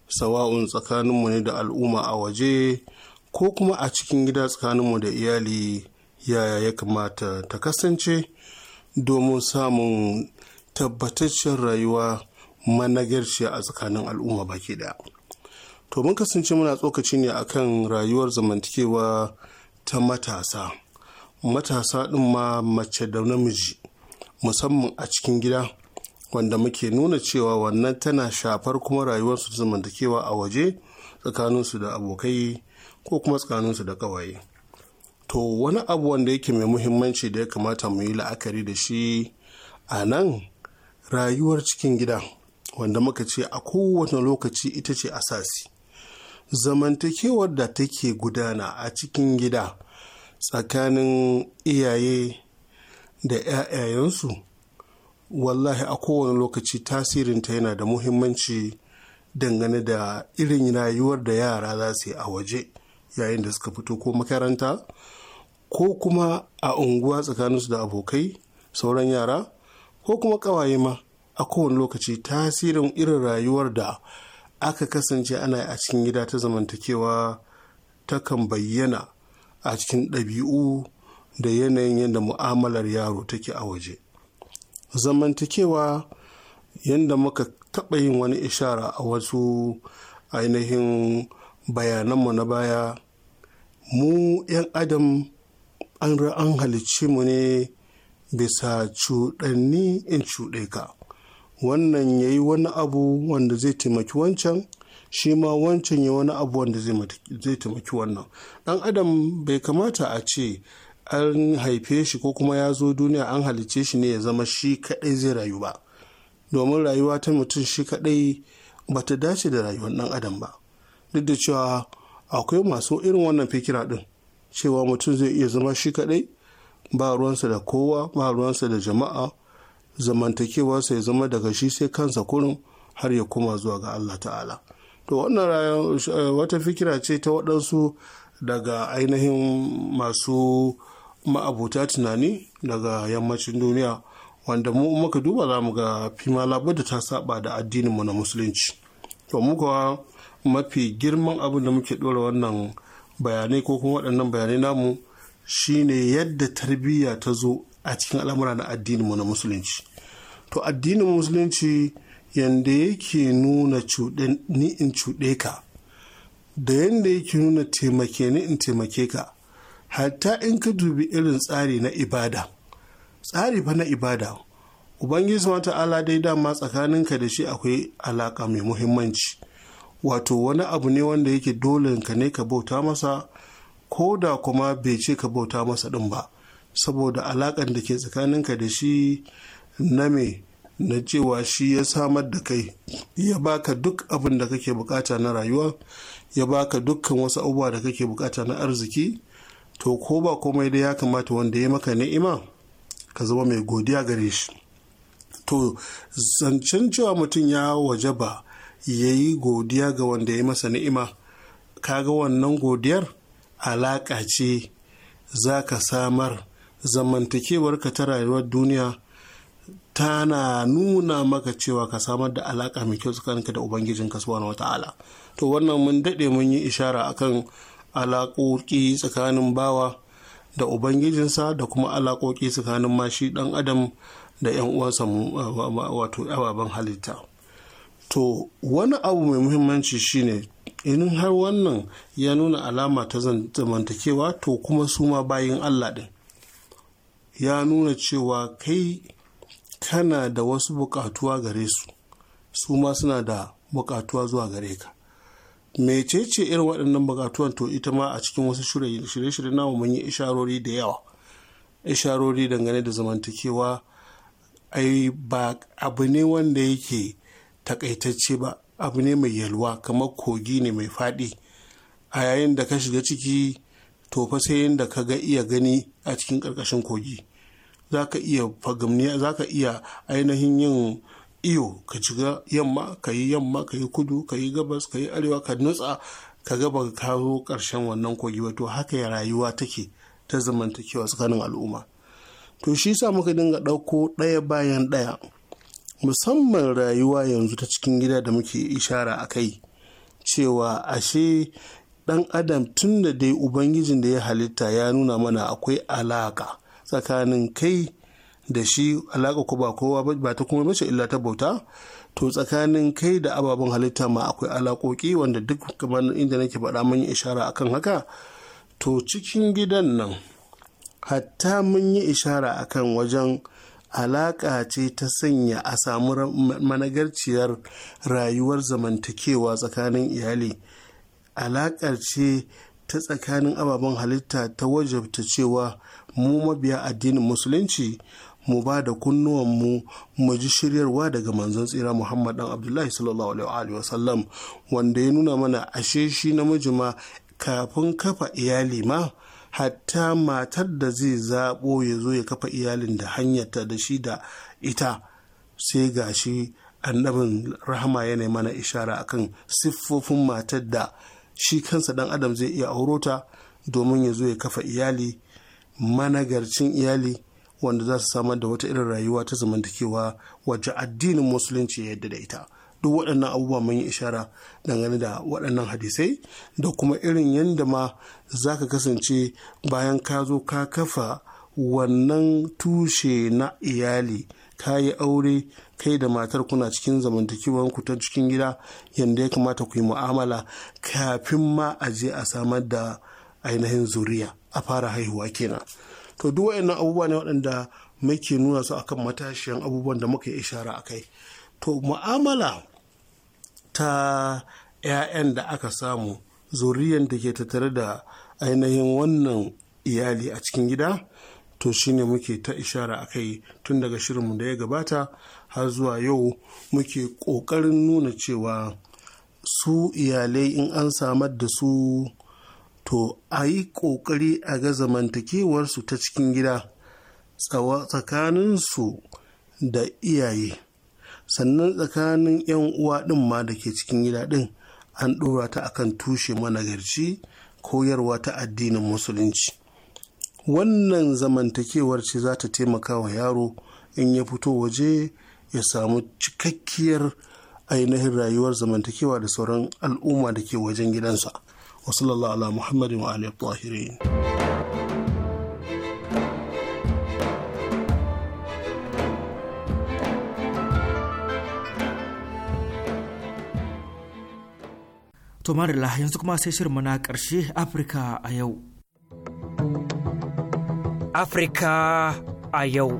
sawa'un tsakaninmu ne da al'umma a waje ko kuma a cikin gida tsakaninmu da iyali yaya ya kamata ta kasance domin samun tabbataccen rayuwa managarciya a tsakanin al'umma baki daya to mun kasance muna tsokaci ne akan rayuwar zamantakewa ta matasa matasa ɗin ma mace da namiji musamman a cikin gida wanda muke nuna cewa wannan tana shafar kuma rayuwarsu ta zamantakewa a waje tsakaninsu da abokai ko kuma tsakaninsu da ƙawaye to wani abu wanda yake mai muhimmanci da ya kamata mu yi la'akari da shi a nan rayuwar cikin gida wanda muka ce a kowane lokaci ita ce asasi zamantakewar da take gudana a cikin gida tsakanin iyaye da 'ya'yayensu wallahi a kowane lokaci tasirinta yana da muhimmanci dangane da irin rayuwar da yara za su yi a waje yayin da suka fito ko makaranta ko kuma a unguwa tsakaninsu da abokai sauran yara ko kuma kawaye ma a kowane lokaci tasirin irin rayuwar da aka kasance ana a cikin gida ta zamantakewa takan bayyana a cikin ɗabi'u da yanayin yadda mu'amalar yaro take a waje zamantakewa yadda muka taɓa yin wani ishara a wasu ainihin bayananmu na baya mu 'yan adam an an halicci mu ne bisa cuɗanni in cuɗe ka wannan ya yi wani abu wanda zai taimaki wancan shi ma wancan ya wani abu wanda zai taimaki wannan dan adam bai kamata a ce an haife shi ko kuma ya zo duniya an halice shi ne ya zama shi kadai zai rayu ba domin rayuwa ta mutum shi kadai ba ta dace da rayuwar dan adam ba duk da cewa akwai masu irin wannan fikira din cewa mutum zai iya zama shi kadai ba ruwansa da kowa ba ruwansa da jama'a zamantakewarsa ya zama daga shi sai kansa kurin har ya koma zuwa ga allah ta'ala to wannan eh, wata fikira ce ta waɗansu daga ainihin masu ma'abuta tunani daga yammacin duniya wanda mu muka duba za mu ga fima da ta saba da addininmu na musulunci to mu kuwa mafi girman abin da muke ɗora wannan bayanai ko kuma waɗannan bayanai namu shine yadda tarbiyya ta zo a cikin al'amura na addininmu na musulunci to addinin musulunci yanda yake nuna ni in cuɗe ka da yanda yake nuna taimake ni in taimake ka hatta in ka dubi irin tsari na ibada tsari fa na ibada ubangiji wa ta'ala dai dama tsakanin ka da shi akwai alaka mai muhimmanci wato wani abu ne wanda yake dole ka ne ka bauta masa ko da kuma bai ce ka bauta masa ɗin ba saboda alakan da ke tsakaninka da shi na me na cewa shi ya samar da kai ya baka duk abin da kake bukata na rayuwa ya baka dukkan wasu abubuwa da kake bukata na arziki to ko ba komai da ya kamata wanda ya maka ni'ima ka zama mai godiya gare shi to zancen cewa mutum ya waje ba ya yi godiya ga wanda ya masa ni'ima kaga wannan godiyar alaƙa ce za ka samar zamantakewarka ta rayuwar duniya tana nuna maka cewa ka samar da alaka mai kyau tsakaninka da ubangijin ka subhanahu wata'ala to wannan mun daɗe mun yi ishara akan alaƙoƙi tsakanin bawa da ubangijinsa da kuma alaƙoƙi tsakanin mashi ɗan adam da 'yan uwansa wato ababen halitta to wani abu mai muhimmanci shine in har wannan ya nuna alama ta zamantakewa to kuma suma bayin allah ɗin ya nuna cewa kai Tana da wasu bukatuwa gare su su ma suna da bukatuwa zuwa gare ka mecece irin waɗannan bukatuwan to ita ma a cikin wasu shirye-shirye namu mun yi isharori da yawa isharori dangane da zamantakewa ai ba abu ne wanda yake takaitacce ba abu ne mai yalwa kamar kogi ne mai faɗi a yayin da ka shiga ciki to fa sai da ka ga iya gani a cikin ƙarƙashin kogi za ka iya fagamni za ka iya ainihin yin iyo ka shiga yamma ka yi yamma ka yi kudu ka yi gabas ka yi arewa ka nutsa ka gaba ka kawo ƙarshen wannan kogi wato haka ya rayuwa take ta zamantakewa tsakanin al'umma to shi sa muka dinga ɗauko ɗaya bayan ɗaya musamman rayuwa yanzu ta cikin gida da muke ishara a kai cewa ashe ɗan adam tun da dai ubangijin da ya halitta ya nuna mana akwai alaƙa tsakanin kai da shi alaƙa ku ba kowa ba ta kuma mace illa ta bauta to tsakanin kai da ababen halitta ma akwai alaƙoƙi wanda duk kamar inda nake faɗa mun yi ishara akan haka to cikin gidan nan hatta mun yi ishara akan wajen alaƙa ce ta sanya a samu managarciyar rayuwar zamantakewa tsakanin iyali alaƙar ce ta tsakanin ababen halitta ta wajabta cewa mu mabiya addinin musulunci mu ba da kunnuwanmu mu ji shiryarwa daga manzon tsira muhammad dan abdullahi sallallahu alaihi wasallam wanda ya nuna mana ashe shi namiji ma kafin kafa iyali ma hatta matar da zai zaɓo ya zo ya kafa iyalin da hanyarta da shi da ita sai gashi annabin rahama yana mana ishara akan siffofin matar da shi kansa dan adam zai iya aurota domin ya zo ya kafa iyali managarcin iyali wanda za su samar da wata irin rayuwa ta zamantakewa wacce addinin musulunci ya yadda da ita duk waɗannan abubuwa mun yi ishara dangane da waɗannan hadisai da kuma irin yadda ma za ka kasance bayan ka zo ka kafa wannan tushe na iyali ka yi aure kai da matar kuna cikin zamantakewar ku ta cikin gida yadda ya kamata ku yi mu'amala kafin ma a je a samar da ainihin zuriya a fara haihuwa kenan to duk wayannan abubuwa ne waɗanda muke nuna su akan matashiyan abubuwan da muka yi ishara a kai to mu'amala ta 'ya'yan da aka samu zuriyan da ke tattare da ainihin wannan iyali a cikin gida to shine muke ta ishara a kai tun daga shirinmu da ya gabata har zuwa yau muke ƙoƙarin nuna cewa su iyalai in an samar da su to a yi ƙoƙari a ga zamantakewarsu ta cikin gida tsakaninsu da iyaye sannan tsakanin 'yan uwa ɗin ma da ke cikin gida ɗin an ɗora ta akan tushe managarci koyarwa ta addinin musulunci wannan zamantakewar ce za ta taimaka wa yaro in ya fito waje ya samu cikakkiyar ainihin rayuwar zamantakewa da sauran al'umma da ke wajen gidansa wasu ala muhammadin wa alihi To yanzu kuma sai shirin na ƙarshe Afirka a yau. Afirka a yau.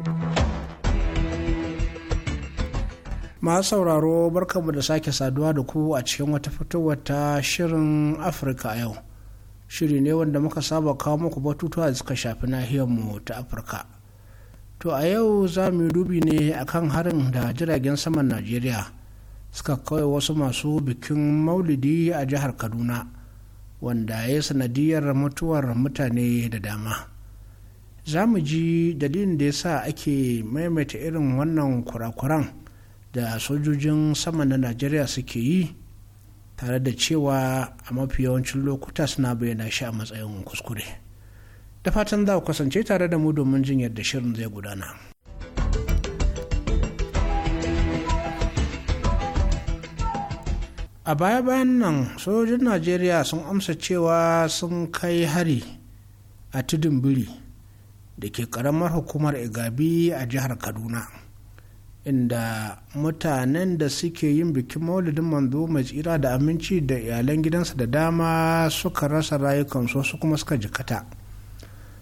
Masu sauraro barkamu da sake saduwa da ku a cikin wata fitowar ta shirin Afirka a yau. Shiri ne wanda muka saba kawo muku batutuwa da suka shafi nahiyarmu ta Afirka. To a yau za mu dubi ne akan harin da jiragen saman Najeriya suka kawai wasu masu bikin maulidi a jihar Kaduna wanda ya sanadiyar mutuwar mutane da dama. za mu ji dalilin da ya sa ake maimaita irin wannan kurakuran da sojojin sama na najeriya suke yi tare da cewa a mafi yawancin lokuta suna bayyana shi a matsayin kuskure da fatan za ku kasance tare da mu domin jin yadda shirin zai gudana a baya-bayan nan sojojin najeriya sun amsa cewa sun kai hari a tudun biri da ke karamar hukumar igabi a jihar kaduna inda mutanen da suke yin bikin maulidin manzo mai tsira da aminci da iyalan gidansa da dama suka rasa rayukansu su kuma suka jikata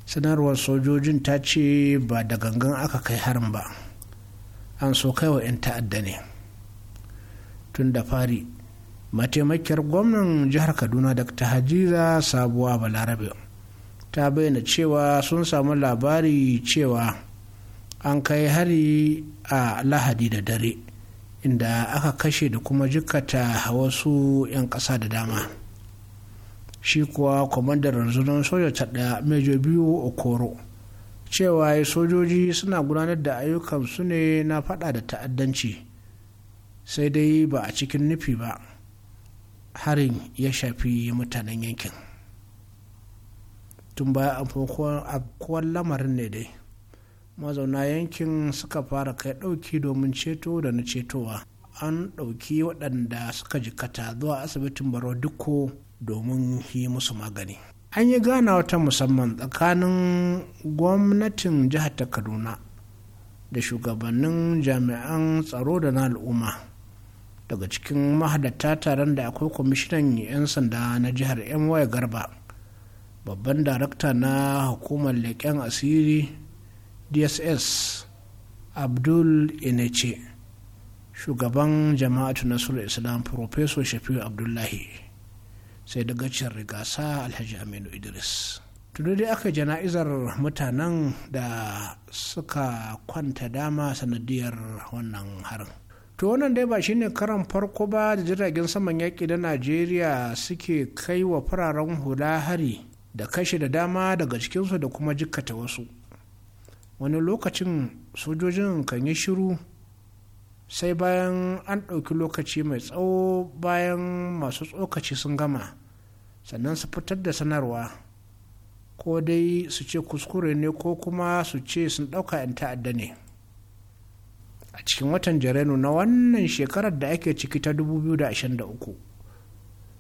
sanarwar sojojin ta ce ba da gangan aka kai harin ba an so kai wa 'yan ta'adda ne tun da fari mataimakiyar gwamnan jihar kaduna dr hajiza sabuwa balarabe ta bayyana cewa sun samu labari cewa an kai hari a lahadi da dare inda aka kashe da kuma jikata wasu 'yan ƙasa da dama shi kuwa kwamandar rundunar soja ta ɗaya mejo biyu okoro cewa sojoji suna gudanar da ayyukan su ne na fada da ta'addanci sai dai ba a cikin nufi ba harin ya shafi mutanen yankin tun baya bayan kowar lamarin ne dai mazauna yankin suka fara kai ɗauki domin ceto da na cetowa an ɗauki waɗanda suka jikata zuwa asibitin baro duko domin yi musu magani an yi ganawa wata musamman tsakanin gwamnatin jihar ta kaduna da shugabannin jami'an tsaro da na al'umma daga cikin mahadata taron da akwai kwamishinan 'yan sanda na jihar waya garba babban darakta na hukumar leƙen asiri dss abdul inece shugaban jama'atu nasarar islam professor shafi'u abdullahi sai da rigasa alhaji aminu idris tuni dai aka jana'izar mutanen da suka kwanta dama sanadiyar wannan harin to wannan dai ba shine karan farko ba da jiragen saman yaƙi da najeriya suke kai wa fararen hula hari da kashe da dama daga cikinsu da kuma jikkata wasu wani lokacin sojojin kan yi shiru sai bayan an ɗauki lokaci mai tsawo bayan masu tsokaci sun gama sannan su fitar da sanarwa ko dai su ce kuskure ne ko kuma su ce sun ɗauka 'yan ta'adda ne a cikin watan jarenu na wannan shekarar da ake ciki ta 2023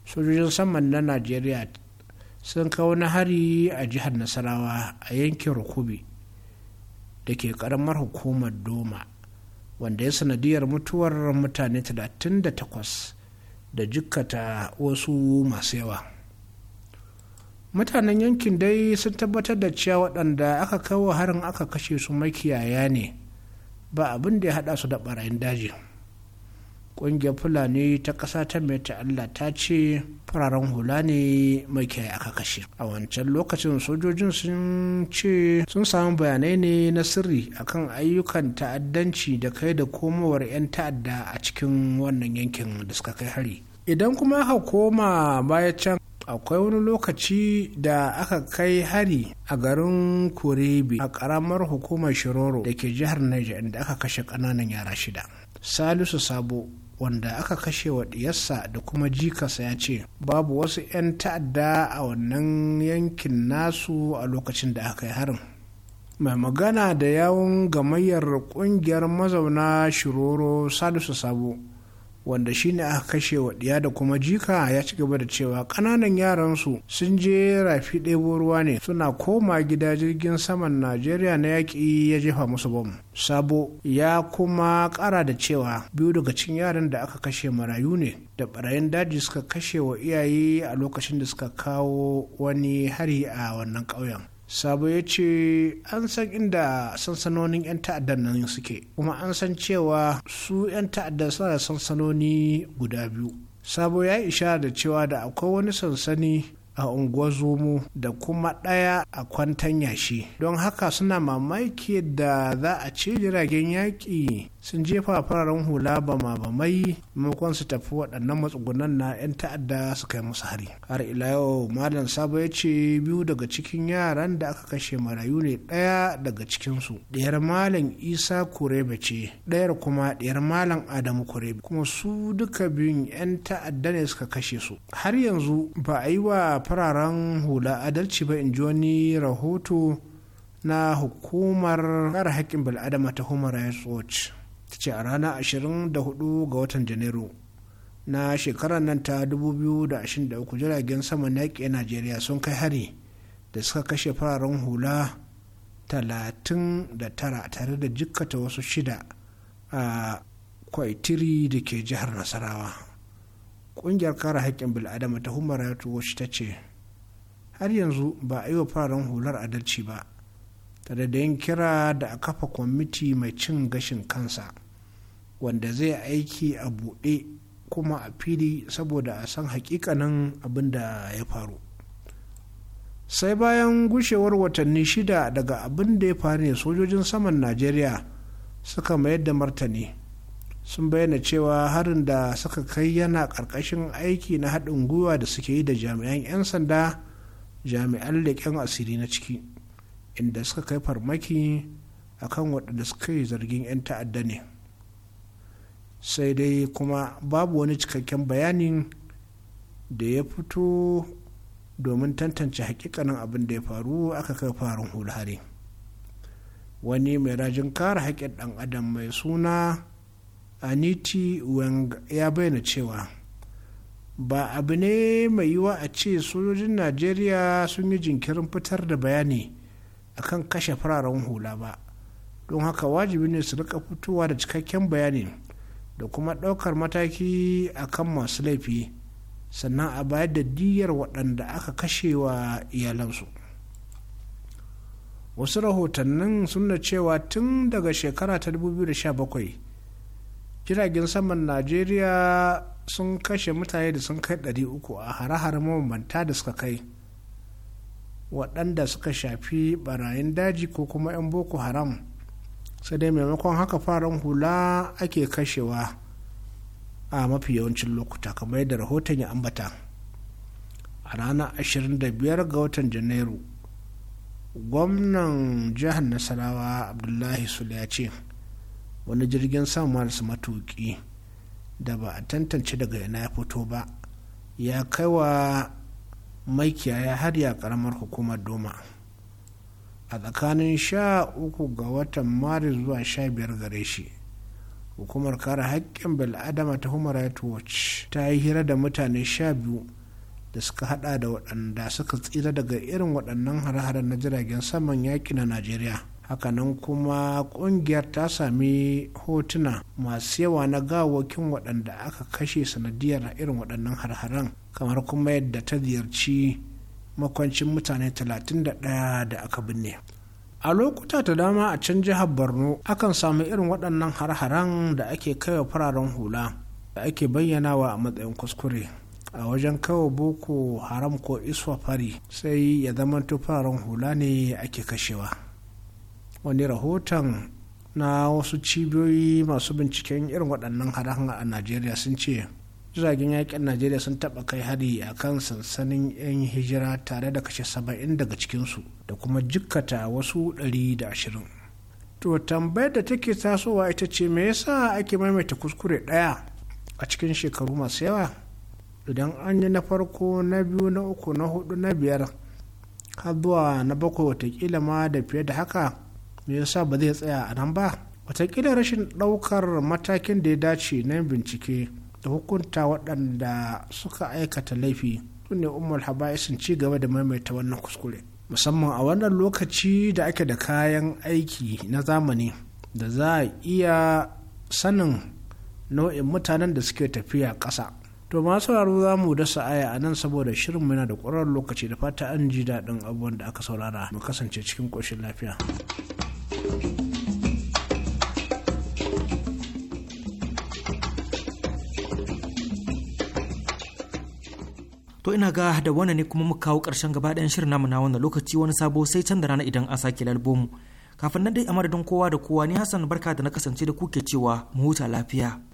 sojojin saman na najeriya sun kawo na hari a jihar nasarawa a yankin rukubi da ke karamar hukumar doma wanda ya sanadiyar mutuwar mutane 38 da jikata wasu masu yawa mutanen yankin dai sun tabbatar da cewa waɗanda aka kawo harin aka kashe su makiyaya ne ba abin da ya haɗa su da ɓarayin daji. ƙungiyar fulani ta ƙasa ta mai allah ta ce fararen hula ne mai kyai aka kashe a wancan lokacin sojojin sun ce sun samu bayanai ne na sirri akan ayyukan ta'addanci da kai da komowar 'yan ta'adda a cikin wannan yankin da suka kai hari idan kuma aka koma baya can akwai wani lokaci da aka kai hari a garin kurebe a karamar hukumar shiroro da ke jihar niger da aka kashe ƙananan yara shida salisu sabo wanda aka kashe wa diyarsa da kuma jikarsa ya ce babu wasu 'yan ta'adda a wannan yankin nasu a lokacin da aka yi harin mai magana da yawun gamayyar kungiyar mazauna shiroro salisu sabo wanda shi ne aka kashe wa ɗiya da kuma jika ya ci gaba da cewa ƙananan yaransu sun je rafi ɗebo ruwa ne suna koma gida jirgin saman najeriya na yaƙi ya jefa musu bom sabo ya kuma ƙara da cewa biyu daga cikin yaran da aka kashe marayu ne da ɓarayin daji suka kashe wa iyaye a lokacin da suka kawo wani hari a wannan ƙauyen sabo ya ce an san inda sansanonin 'yan ta'addan nan suke kuma an san cewa su 'yan ta'addan suna da sansanoni guda biyu sabo ya ishara da cewa da akwai wani sansani a unguwar zomo da kuma ɗaya a kwantan yashi don haka suna mamaki da za a ce jiragen yaƙi sun jefa fararen hula ba bama-bamai maimakon su tafi waɗannan matsugunan na 'yan ta'adda su kai musu hari har ila yau malam sabo ya ce biyu daga cikin yaran da aka kashe marayu ne ɗaya daga cikinsu ɗayar malam isa kurebe ce ɗayar kuma ɗayar malam adamu kurebe kuma su duka biyun 'yan ta'adda ne suka kashe su har yanzu ba a yi wa fararen hula adalci ba in ji wani rahoto na hukumar kare haƙƙin bil'adama ta human rights watch ta ce a ranar 24 ga watan janairu na shekarar nan ta 2023 jiragen saman yaƙi najeriya sun kai hari da suka kashe fararen hula 39 tare da jikkata wasu shida a kwaitiri da ke jihar nasarawa ƙungiyar kare haƙƙin bil'adama ta human rights watch ta ce har yanzu ba a yi wa fararen hular adalci ba tare da yin kira da a kafa kwamiti mai cin gashin kansa wanda zai aiki a buɗe kuma a fili saboda a san hakikanin abin da ya faru sai bayan gushewar watanni shida daga abin da ya faru ne sojojin saman najeriya suka mayar da martani sun bayyana cewa harin da suka kai yana ƙarƙashin aiki na haɗin gwiwa da suke yi da jami'an 'yan sanda jami'an leƙen asiri na ciki inda suka kai farmaki akan waɗanda suka yi zargin 'yan ta'adda ne sai dai kuma babu wani cikakken bayanin da ya fito domin tantance hakikanin abin da ya faru aka kai farin hulhari wani mai rajin kare haƙƙin ɗan adam mai suna aniti wang ya bayyana cewa ba abu ne mai yiwa a ce sojojin najeriya sun yi jinkirin fitar da bayani akan kashe fararen hula ba don haka wajibi ne su rika fitowa da cikakken bayanin. da kuma ɗaukar mataki a kan masu laifi sannan a bayar da diyar waɗanda aka kashe wa iyalansu wasu rahotannin suna cewa tun daga shekara ta 2017 jiragen saman najeriya sun kashe mutane da sun kai 300 a hare-hare mabambanta da suka kai waɗanda suka shafi barayin daji ko kuma 'yan boko haram sai dai maimakon haka faran hula ake kashewa a mafi yawancin lokuta kamar da rahoton ya ambata a ranar 25 ga watan janairu gwamnan jihar nasarawa abdullahi sule ya ce wani jirgin samuwar su matuƙi da ba a tantance daga yana ya fito ba ya kaiwa makiyaya har ya karamar hukumar doma a tsakanin sha uku ga watan maris zuwa sha biyar gare shi hukumar kare haƙƙin bil'adama ta human rights watch ta yi hira da mutane sha biyu da suka hada da waɗanda suka tsira daga irin waɗannan hare-haren na jiragen saman yaƙi na najeriya hakanan kuma ƙungiyar ta sami hotuna masu yawa na gawakin waɗanda aka kashe sanadiyar irin waɗannan har-haren kamar kuma yadda ta ziyarci makwancin mutane 31 da aka binne a lokuta ta dama a can jihar borno akan samu irin waɗannan har-haren da ake kaiwa fararen hula da ake bayyanawa a matsayin kuskure a wajen kawo boko haram ko iswa fari sai ya zama fararen hula ne ake kashewa wani rahoton na wasu cibiyoyi masu binciken irin waɗannan hare a najeriya sun ce jiragen yakin najeriya sun taba kai hari a kan sansanin 'yan hijira tare da kashe 70 daga cikinsu da kuma jikkata wasu 120 to tambayar da take tasowa ita ce me yasa ake maimaita kuskure ɗaya a cikin shekaru masu yawa idan an yi na farko na biyu na uku na hudu na biyar har zuwa na bakwai watakila ma da fiye da haka me yasa ba zai tsaya a nan ba watakila rashin daukar matakin da ya dace na bincike da hukunta waɗanda suka aikata laifi sune ne umar haba'isin ci gaba da maimaita wannan kuskure musamman a wannan lokaci da ake da kayan aiki na zamani da za a iya sanin nau'in mutanen da suke tafiya ƙasa to masu raro za mu da sa'aya a nan saboda shirin muna da ƙwarar lokaci da fata an ji daɗin abubuwan da aka saurara mu kasance cikin ƙoshin lafiya. To ina ga da wannan ne kuma muka kawo ƙarshen gaba ɗayan shirin namu na wannan lokaci wani sabo sai can da rana idan an sake lalbomu. Kafin nan dai a madadin kowa da kowa ni Hassan barka da na kasance da kuke cewa mu huta lafiya.